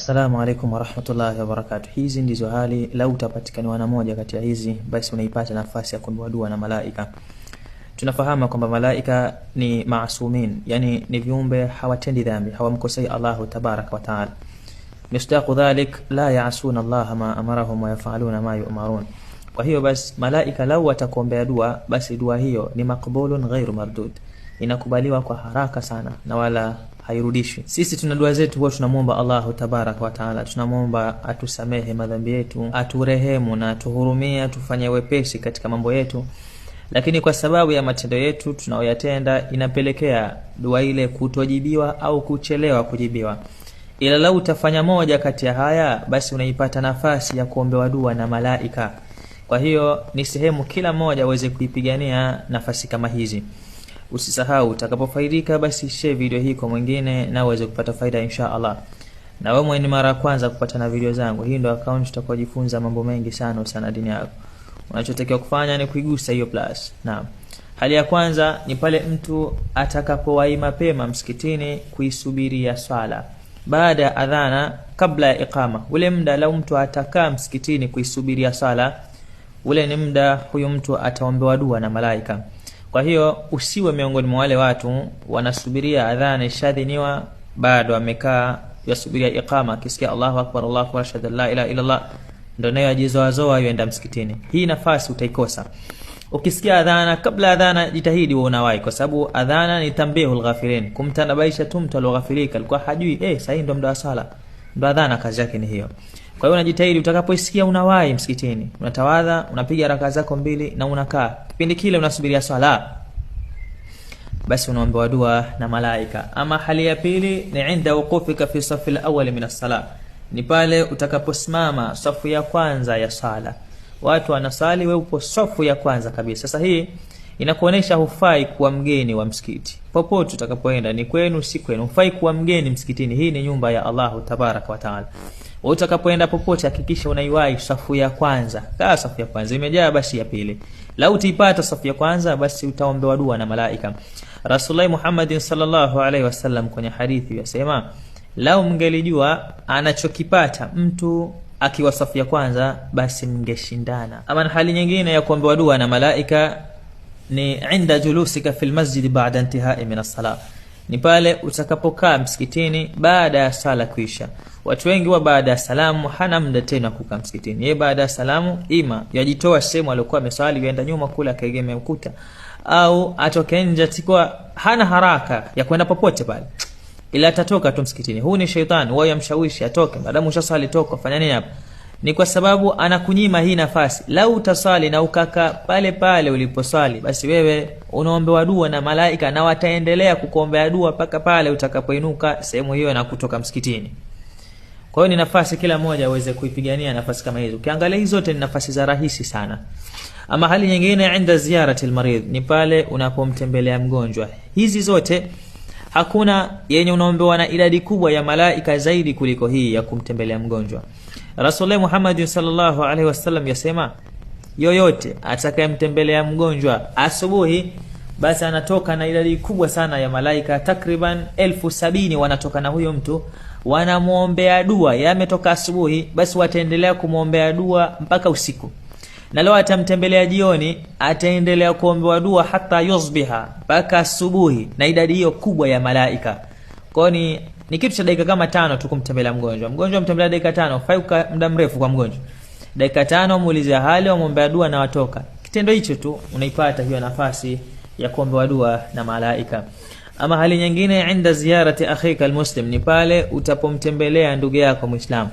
Assalamu alaikum warahmatullahi wabarakatuh. Hizi ndizo hali lau utapatikaniwa na moja kati ya hizi, basi unaipata nafasi ya kuombewa dua na malaika. Tunafahamu kwamba malaika ni maasumin, yani ni viumbe hawatendi dhambi, hawamkosei Allahu tabaraka wa Mistaqu dhalik la yaasuna Allaha ma amarahum wa ma yumarun. Kwa hiyo basi malaika lau watakuombea dua, basi dua hiyo ni makbulun ghairu mardud, inakubaliwa kwa haraka sana na wala hairudishwi. Sisi tuna dua zetu huwa tunamwomba Allahu tabaraka wataala, tunamwomba atusamehe madhambi yetu, aturehemu na atuhurumie, atufanye wepesi katika mambo yetu, lakini kwa sababu ya matendo yetu tunayoyatenda inapelekea dua ile kutojibiwa au kuchelewa kujibiwa. Ila lau utafanya moja kati ya haya, basi unaipata nafasi ya kuombewa dua na malaika. Kwa hiyo ni sehemu kila mmoja aweze kuipigania nafasi kama hizi. Usisahau, utakapofaidika basi share video hii kwa mwingine na uweze kupata faida insha Allah. Na wewe ni mara ya kwanza na video zangu, hii ndo account tutakojifunza mambo mengi sana sana dini yako. Unachotakiwa kufanya ni kuigusa hiyo plus. Naam. Hali ya kwanza ni pale mtu atakapowai mapema msikitini kuisubiria swala baada ya adhana, kabla ya iqama. Ule muda lau mtu atakaa msikitini kuisubiria swala, ule ni muda huyo mtu ataombewa dua na malaika. Kwa hiyo usiwe miongoni mwa wale watu wanasubiria adhana ishadhiniwa, bado amekaa yasubiria iqama, akisikia Allahu akbar, Allahu akbar, ashhadu an la ilaha illa Allah, ndo nayo ajizoazoa yuenda msikitini. Hii nafasi utaikosa. Ukisikia adhana, kabla adhana jitahidi wewe unawahi, kwa sababu adhana ni tambihul ghafirin, kumtanabaisha tu mtu alioghafilika, alikuwa hajui eh, sasa ndo muda wa sala, ndio adhana, kazi yake ni hiyo. Kwa hiyo unajitahidi utakapoisikia unawahi msikitini, unatawadha, unapiga raka zako mbili na unakaa. Kipindi kile unasubiria swala. Basi unaombewa dua na malaika. Ama hali ya pili ni inda wukufika fi safi al min as Ni pale utakaposimama safu ya kwanza ya sala. Watu wanasali, wewe upo safu ya kwanza kabisa. Sasa hii inakuonesha hufai kuwa mgeni wa msikiti popote utakapoenda, ni kwenu si kwenu, hufai kuwa mgeni msikitini. Hii ni nyumba ya Allahu tabaraka wa taala. Utakapoenda popote, hakikisha unaiwahi safu ya kwanza. Kaa safu ya kwanza, imejaa basi ya pili. la utaipata safu ya kwanza, basi utaombewa dua na malaika. Rasulullah Muhammad sallallahu alaihi wasallam kwenye hadithi yasema, lau mngelijua anachokipata mtu akiwa safu ya kwanza, basi mngeshindana. Ama hali nyingine ya kuombewa dua na malaika ni inda julusika fil masjidi bada intihai min as ni pale utakapokaa msikitini baada ya sala kuisha. Watu wengi wa baada ya salamu hana muda tena kuka msikitini. Yeye baada ya salamu ima yajitoa sehemu aliyokuwa amesali yaenda nyuma kula akaegemea ukuta, au atoke nje, atakuwa hana haraka ya kwenda popote pale, ila atatoka tu msikitini. Huu ni sheitani wao, yamshawishi atoke, maadamu ushaswali, toka fanya nini hapa ni kwa sababu anakunyima hii nafasi. Lau utasali na ukaka pale pale uliposali, basi wewe unaombewa dua na malaika na wataendelea kukuombea dua mpaka pale utakapoinuka sehemu hiyo na kutoka msikitini. Kwa hiyo ni nafasi kila mmoja aweze kuipigania nafasi kama hizo. Ukiangalia hizo zote ni nafasi za rahisi sana. Ama hali nyingine, inda ziarati almarid, ni pale unapomtembelea mgonjwa. Hizi zote hakuna yenye unaombewa na idadi kubwa ya malaika zaidi kuliko hii ya kumtembelea mgonjwa. Rasuli Muhammad sallallahu alaihi wasallam yasema, yoyote atakayemtembelea mgonjwa asubuhi, basi anatoka na idadi kubwa sana ya malaika takriban elfu sabini wanatoka na huyo mtu wanamwombea dua, yametoka asubuhi, basi wataendelea kumwombea dua mpaka usiku na leo atamtembelea jioni, ataendelea kuombewa dua hata yusbiha, mpaka asubuhi, na idadi hiyo kubwa ya malaika ni ni kitu cha dakika kama tano tu kumtembelea mgonjwa. Mgonjwa mtembelea dakika tano, hufai muda mrefu kwa mgonjwa. Dakika tano muulize hali, wamwombea dua na watoka. Kitendo hicho tu unaipata hiyo nafasi ya kuombewa dua na malaika. Ama hali nyingine, inda ziyarati akhika almuslim, ni pale utapomtembelea ndugu yako Muislamu,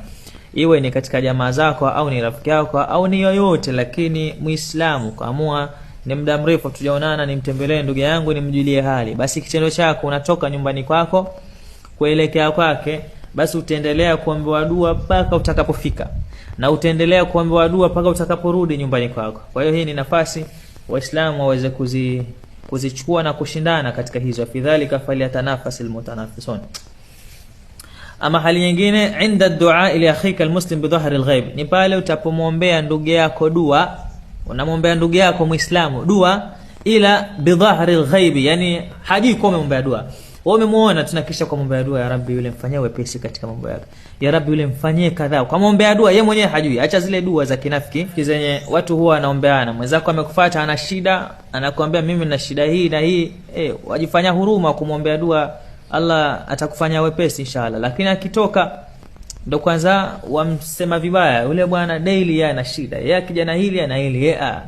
iwe ni katika jamaa zako au ni rafiki yako au ni yoyote, lakini mwislamu kaamua ni muda mrefu tujaonana, nimtembelee ndugu yangu, nimjulie hali, basi kitendo chako unatoka nyumbani kwako kuelekea kwake, basi utaendelea kuambiwa dua mpaka utakapofika na utaendelea kuambiwa dua mpaka utakaporudi nyumbani kwako. Kwa hiyo hii ni nafasi Waislamu waweze kuzi kuzichukua na kushindana katika hizo, fidhalika falyatanafasi almutanafisun. Ama hali nyingine, inda dua ila akhika almuslim bidhahri alghaib, ni pale utapomwombea ndugu yako dua, unamwombea ndugu yako Muislamu dua ila bidhahri alghaib, yani hajui kwa umeombea dua wewe umemuona tuna kisha ukamwombea dua, ya Rabbi yule mfanyie wepesi katika mambo yake. Ya Rabbi yule mfanyie kadhaa. Ukamwombea dua yeye mwenyewe hajui. Acha zile dua za kinafiki zenye watu huwa wanaombeana. Mwenzako amekufuata ana shida, anakuambia mimi na shida hii na hii. Eh, wajifanya huruma kumwombea dua, Allah atakufanya wepesi inshallah. Lakini akitoka ndo kwanza wamsema vibaya. Yule bwana daily yeye ana shida. Yeye kijana hili ana hili. Yeye ah,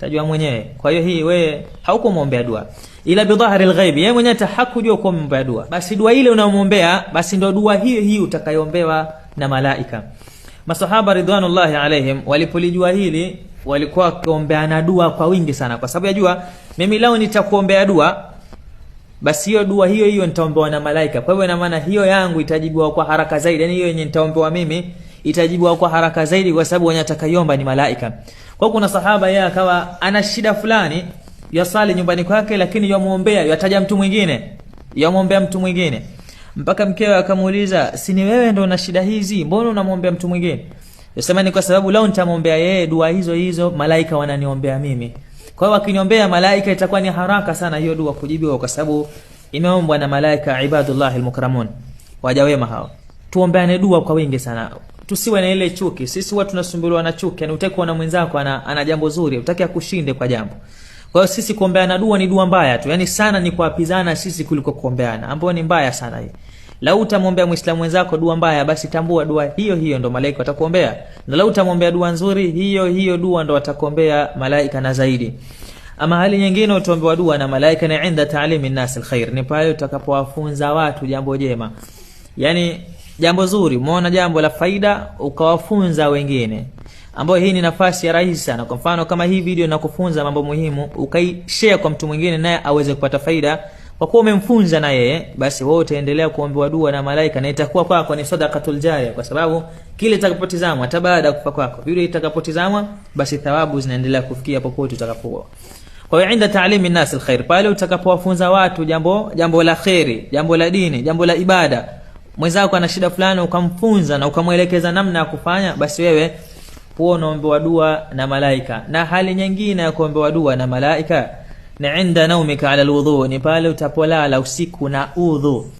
tajua mwenyewe. Kwa hiyo hii wewe haukumwombea dua ila bidhahari lghaibi, yeye mwenyewe hakujua kuwa umwombea dua. Basi dua ile unamwombea, basi ndio dua hiyo hii utakayoombewa na malaika. Masahaba ridwanullahi alaihim walipolijua hili walikuwa wakiombeana dua kwa wingi sana, kwa sababu yajua, mimi lao nitakuombea dua, basi hiyo dua hiyo hiyo nitaombewa na malaika. Kwa hivyo ina maana hiyo yangu itajibiwa kwa haraka zaidi, yani hiyo yenye nitaombewa mimi itajibiwa kwa haraka zaidi, kwa sababu wenye atakayomba ni malaika. Kwa kuna sahaba yeye akawa ana shida fulani ya sali nyumbani kwake, lakini yamuombea yataja mtu mwingine, yamuombea mtu mwingine, mpaka mkewe akamuuliza, si ni wewe ndio una shida hizi, mbona unamwombea mtu mwingine? Yasema ni kwa sababu lao nitamwombea yeye dua hizo hizo, malaika wananiombea mimi. Kwa hiyo akiniombea malaika itakuwa ni haraka sana hiyo dua kujibiwa, kwa sababu imeombwa na malaika, ibadullahi almukramun, waja wema hao. Tuombeane dua kwa wingi sana tusiwe na ile chuki. Sisi huwa tunasumbuliwa na chuki, yani utaki kuona mwenzako ana, ana jambo zuri, utaki akushinde kwa jambo. Kwa hiyo sisi kuombeana dua ni dua mbaya tu, yani sana ni kuapizana sisi kuliko kuombeana, ambayo ni mbaya sana hii. Lau utamwombea Muislamu wenzako dua mbaya, basi tambua dua hiyo hiyo ndo malaika watakuombea, na lau utamwombea dua nzuri, hiyo hiyo dua ndo watakuombea malaika na zaidi. Ama hali nyingine utaombewa dua na malaika, ni inda taalimi nasi alkhair, ni pale utakapowafunza watu jambo jema, yani jambo zuri, umeona jambo la faida, ukawafunza wengine, ambayo hii ni nafasi ya rahisi sana. Kwa mfano kama hii video inakufunza mambo muhimu, ukaishare kwa mtu mwingine, naye aweze kupata faida kwa kuwa umemfunza na yeye, basi wewe utaendelea kuombewa dua na malaika, na itakuwa kwako ni sadaqatul jariya, kwa sababu kile itakapotizamwa hata baada ya kufa kwako, yule itakapotizamwa, basi thawabu zinaendelea kufikia popote utakapokuwa. Kwa hiyo inda taalimi nasi alkhair, pale utakapowafunza watu jambo jambo la khairi, jambo la dini, jambo la ibada mwenzako ana shida fulani, ukamfunza na ukamwelekeza namna ya kufanya, basi wewe huo unaombewa dua na malaika. Na hali nyingine ya kuombewa dua na malaika ni inda naumika ala alwudhu, ni pale utapolala usiku na udhu.